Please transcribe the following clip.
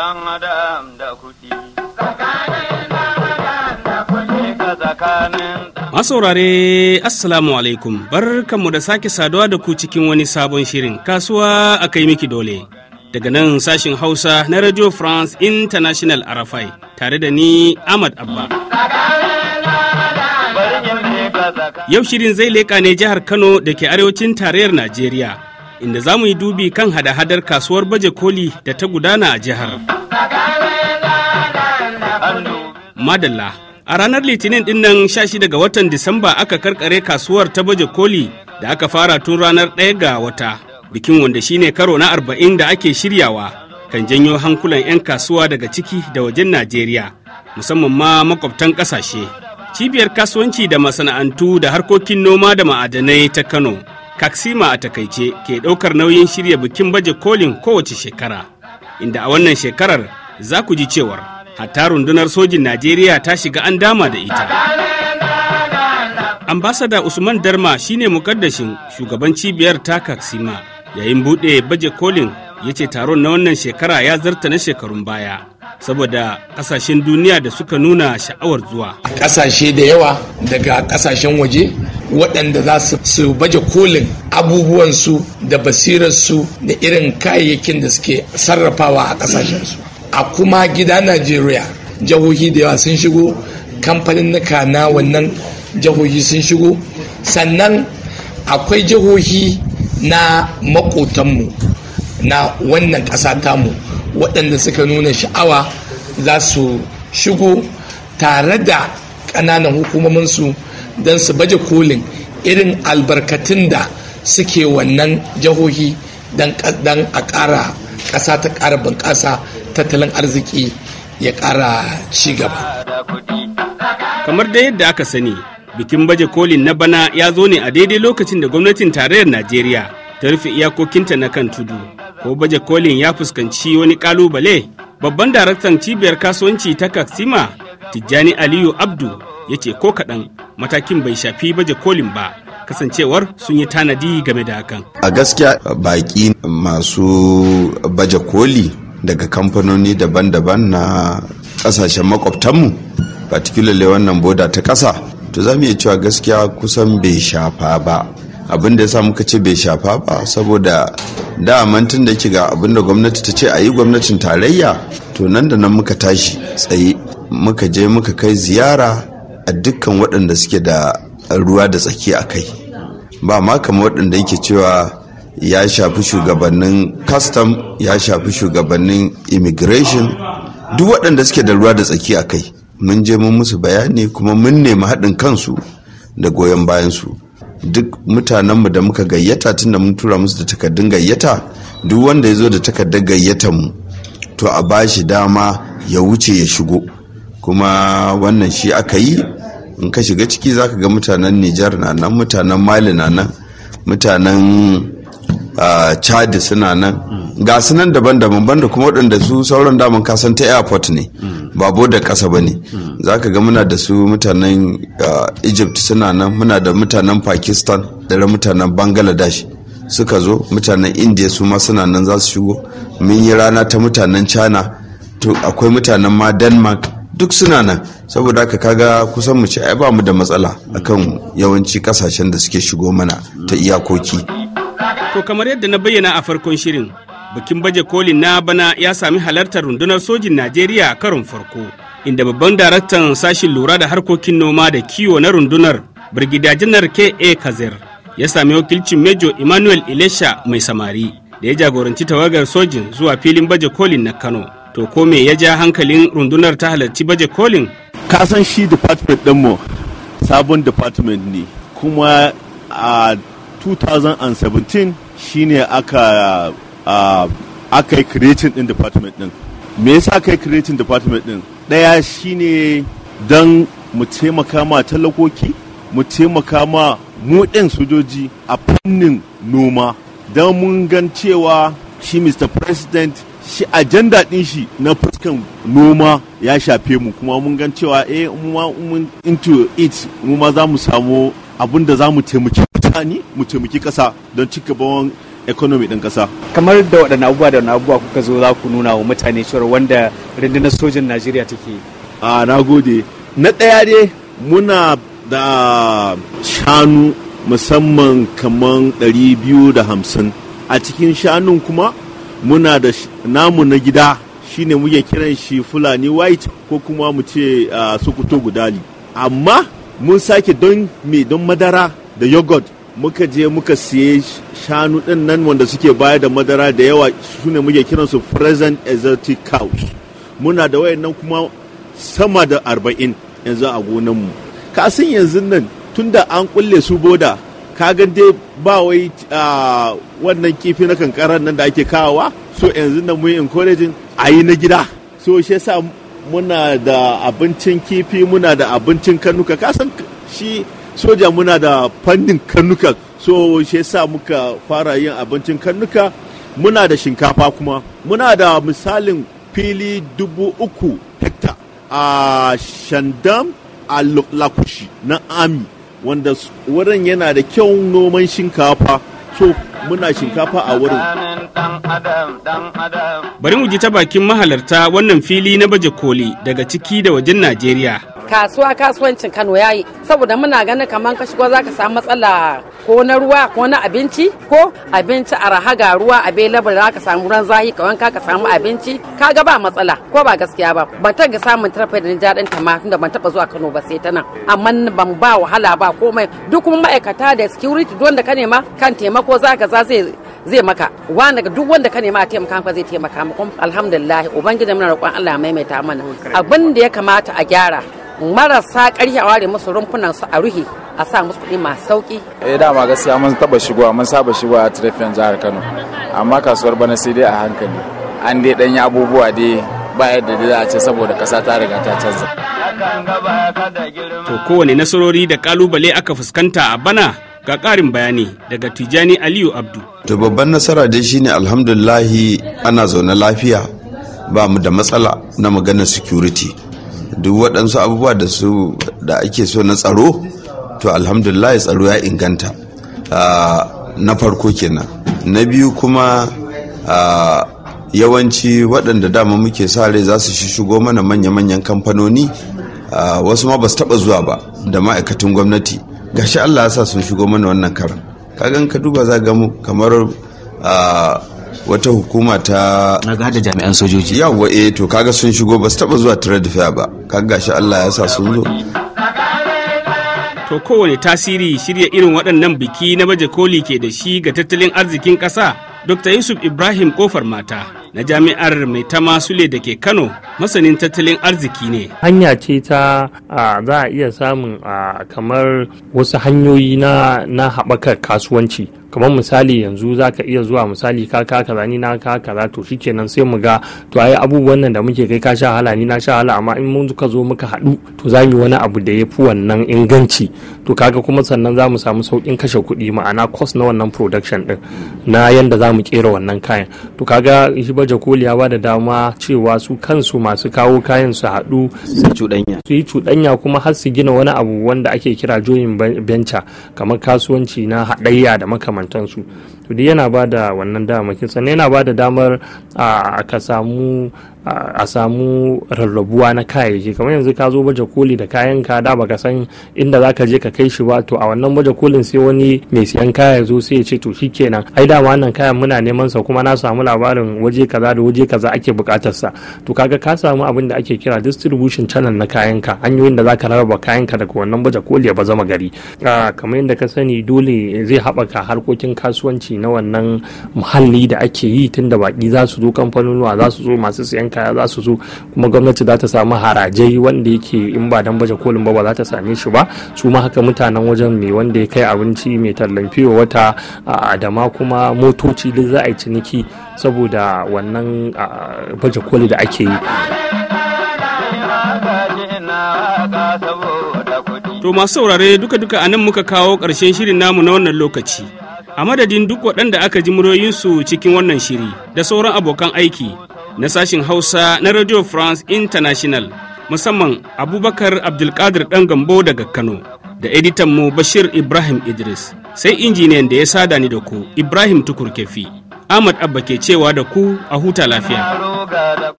dan adam da kuɗi. Masaurare Assalamu alaikum barkanmu da sake saduwa da ku cikin wani sabon shirin kasuwa a kai miki dole. Daga nan sashin Hausa na Radio France International Arafai tare da ni Ahmad Abba. Yau shirin zai leƙa ne jihar Kano da ke arewacin tarayyar Najeriya. inda za mu yi dubi kan hada-hadar kasuwar baje koli da ta gudana a jihar. Madalla, a ranar Litinin dinnan 16 ga watan Disamba aka karkare kasuwar ta baje koli da aka fara tun ranar 1 ga wata. Bikin wanda shine karo na arba'in da ake shiryawa kan janyo hankulan 'yan kasuwa daga ciki da wajen Najeriya, musamman ma makwabtan kasashe Cibiyar kasuwanci da masana'antu da harkokin noma da ma'adanai ta Kano Kaksima a takaice ke ɗaukar nauyin shirya bikin baje kolin kowace shekara, inda a wannan shekarar za ku ji cewar hatta rundunar sojin Najeriya ta shiga an dama da ita. Ambasada Usman Darma shine mukaddashin shugaban cibiyar ta Kaksima yayin buɗe baje kolin ya ce taron na wannan shekara ya zarta na shekarun baya. saboda kasashen duniya da suka nuna sha'awar zuwa. Kasashe da yawa daga kasashen waje waɗanda za su baje kolin abubuwansu da basirarsu da irin kayayyakin da suke sarrafawa a kasashensu. A kuma gida Najeriya jahohi da yawa sun shigo kamfanin na wannan jahohi sun shigo sannan akwai jahohi na makotanmu na wannan ƙasa tamu. waɗanda suka nuna sha'awa za su shigo tare da ƙananan hukumominsu don su baje kolin irin albarkatun da suke wannan jihohi don a ƙara ƙasa ta ƙara bunƙasa tattalin arziki ya ƙara gaba. kamar da yadda aka sani bikin baje kolin na bana ya zo ne a daidai lokacin da gwamnatin tarayyar najeriya ta rufe iyakokinta na kan tudu ko baje kolin ya fuskanci wani kalubale babban daraktan cibiyar kasuwanci ta kaksima tijjani aliyu abdu ya ce ko kaɗan matakin bai shafi baje kolin ba kasancewar sun yi tanadi game da hakan a gaskiya baƙi masu baje koli daga kamfanoni daban-daban na ƙasashen makwabtanmu particularly wannan boda ta ƙasa to za mu iya cewa gaskiya kusan bai shafa ba abin da ya sa muka ce bai shafa ba saboda da mantun da ga abin da gwamnati ta ce a yi gwamnatin tarayya to nan da nan muka tashi tsaye muka je muka kai ziyara a dukkan waɗanda suke da ruwa da tsaki a kai ba ma kama waɗanda yake cewa ya shafi shugabannin custom ya shafi shugabannin immigration duk waɗanda suke da ruwa da tsaki a kai mun je mun musu bayani kuma mun nemi haɗin kansu da goyon bayansu duk mutanenmu da muka gayyata tunda mun tura musu da takardun gayyata duk wanda ya zo da takardar gayyatar mu to a bashi dama ya wuce ya shigo kuma wannan shi aka yi in ka shiga ciki zaka ga mutanen Nijar na nan mutanen Mali na nan mutanen Chad suna nan ga su daban-daban banda kuma waɗanda su sauran daman kasan ta airport ne ba da kasa ba ne hmm. za ka ga muna da su mutanen uh, egypt suna nan muna da mutanen pakistan da mutanen bangladesh suka zo mutanen india su ma suna nan za su shigo mun yi rana ta mutanen china to akwai mutanen ma denmark duk suna nan saboda haka kaga kusan mu ce ai ba mu da matsala akan yawanci kasashen da suke shigo mana ta iyakoki to kamar yadda na bayyana a farkon shirin bikin baje kolin na bana ya sami halartar rundunar sojin najeriya a karon farko inda babban daraktan sashin lura da harkokin noma da kiwo na rundunar birgida janar ka kazir ya sami wakilcin mejo emmanuel ilesha mai samari da ya jagoranci tawagar sojin zuwa filin baje kolin na kano to ko me ya ja hankalin rundunar ta halarci baje kolin kasan shi department ɗinmu sabon department ne kuma a 2017 shine aka aka yi creating din department din me yasa aka yi creating department din ɗaya shine don mu taimaka ma talakoki mu taimaka ma mu ɗin sojoji a fannin noma don mun gan cewa shi mr president shi ajanda ɗin shi na fuskan noma ya shafe mu kuma mun gan cewa eh mun into it mu ma za mu samu abin da za mu taimaki mutane mu taimaki kasa don cika economy din kasa kamar da waɗanne abubuwa da waɗanne abubuwa kuka zo za ku nuna wa mutane cewa wanda rundunar sojin najeriya take a na gode na ɗaya dai muna da shanu musamman kaman 250 a cikin shanun kuma muna da namu na gida shine muke kiran shi fulani white ko kuma mu ce sokoto gudali amma mun sake don me don madara da yogurt muka je muka siye shanu ɗin nan wanda suke baya da madara da yawa su ne muke kiransu present exotic cows muna da wayannan kuma sama da arba'in yanzu a gonanmu kasan yanzu nan tun an kulle su boda ka dai ba wai wannan kifi na kankarar nan da ake kawawa so yanzu nan mun encouraging a yi na gida so shi yasa muna da abincin kifi muna da abincin kanuka kasan shi soja muna da fannin karnuka so shi yasa muka fara yin abincin karnuka muna da shinkafa kuma muna da misalin fili dubu uku hekta a shandam a lakushi na ami wanda wurin yana da kyau noman shinkafa so muna shinkafa a wurin bari mu ji ta bakin mahalarta wannan fili na baje koli daga ciki da wajen najeriya kasuwa kasuwancin Kano ya yi saboda muna ganin kamar ka shigo zaka samu matsala ko na ruwa ko na abinci ko abinci a raha ga ruwa a belabar zaka samu ran zahi ka wanka ka samu abinci ka ga ba matsala ko ba gaskiya ba ban taga samun tarfe da jaɗin ta ma tunda ban taba zuwa Kano ba sai ta nan amma ban ba wahala ba komai duk kuma ma'aikata da security duk wanda ka nema kan taimako zaka za zai zai maka wanda duk wanda ka nema a taimaka maka zai taimaka maka alhamdulillah ubangiji muna roƙon Allah maimaita mana abin da ya kamata a gyara marasa ƙarfi a ware musu rumfunan su a ruhe a sa musu kuɗi masu sauƙi. Eh dama gaskiya mun taba shigowa mun saba shigowa a tirafiyan jihar Kano amma kasuwar bana sai dai a hankali an dai yi abubuwa dai ba yadda da a ce saboda ƙasa ta riga ta canza. To kowane nasarori da kalubale aka fuskanta a bana ga ƙarin bayani daga tijani aliyu abdu to babban nasara dai shine alhamdulillahi ana zaune lafiya ba mu da matsala na maganar security duk waɗansu abubuwa da su da ake so na tsaro to alhamdulillah tsaro ya inganta ah, na farko kenan na biyu kuma ah, yawanci waɗanda dama muke sa rai za su shigo mana manya-manyan kamfanoni ah, wasu ma ba su taɓa zuwa ba da ma'aikatan gwamnati gashi allah ya sa sun shigo mana wannan karan kagan ka duba za gamu kamar wata hukuma ta na da jami'an sojoji yawa eh to kaga sun shigo ba su taba zuwa trade fair ba kaga gashi Allah ya sa sun zo to kowane tasiri shirya irin waɗannan biki na baje koli ke da shi ga tattalin arzikin ƙasa dr yusuf ibrahim kofar mata na jami'ar mai tama sule da ke kano masanin tattalin arziki ne hanya ce ta za a iya samun kamar wasu hanyoyi na haɓakar kasuwanci kamar misali yanzu za ka iya zuwa misali ka ka kaza ni na ka kaza to shikenan sai mu ga to ai abubuwan nan da muke kai ka sha hala ni na sha hala amma in mun ka zo muka haɗu to za mu wani abu da ya fi wannan inganci to kaga kuma sannan za mu samu saukin kashe kuɗi ma'ana cost na wannan production din na yanda za mu kera wannan kayan to kaga shi baje koli ya bada dama cewa su kansu masu kawo kayan su haɗu su yi cuɗanya su yi cuɗanya kuma har su gina wani abu wanda ake kira juyin venture kamar kasuwanci na haɗayya da makamantan makamantansu to yana ba da wannan damakin sannan yana ba da damar a ka samu a samu rarrabuwa na kayayyaki kamar yanzu ka zo baje koli da kayan ka da baka san inda zaka je ka kai shi ba to a wannan baje kolin sai wani mai siyan kaya ya zo sai ya ce to shikenan ai da wannan kayan muna neman sa kuma na samu labarin waje kaza da waje kaza ake bukatar sa to kaga ka samu abin da ake kira distribution channel na kayan ka hanyoyin da zaka rarraba kayan ka daga wannan baje koli ya bazama gari kamar yanda ka sani dole zai haɓaka harkokin kasuwanci na wannan muhalli da ake yi tunda baki za su zo kamfanonuwa za su zo masu siyan kaya za su zo kuma gwamnati za ta samu harajai wanda yake in ba dan baje kolin ba ba za ta same shi ba su ma haka mutanen wajen mai wanda ya kai abinci mai tallan wa wata da ma kuma motoci duk za a yi ciniki saboda wannan baje koli da ake yi To masu saurare duka-duka a nan muka kawo ƙarshen shirin namu na wannan lokaci. A madadin duk waɗanda aka ji muryoyinsu cikin wannan shiri da sauran abokan aiki, na sashin Hausa na Radio France International musamman Abubakar Abdulkadir ɗan gambo daga Kano da editan mu Bashir Ibrahim Idris sai injiniyan da ya sada ni da ku Ibrahim Tukur Kefi. Ahmad Abba ke cewa da ku a huta lafiya.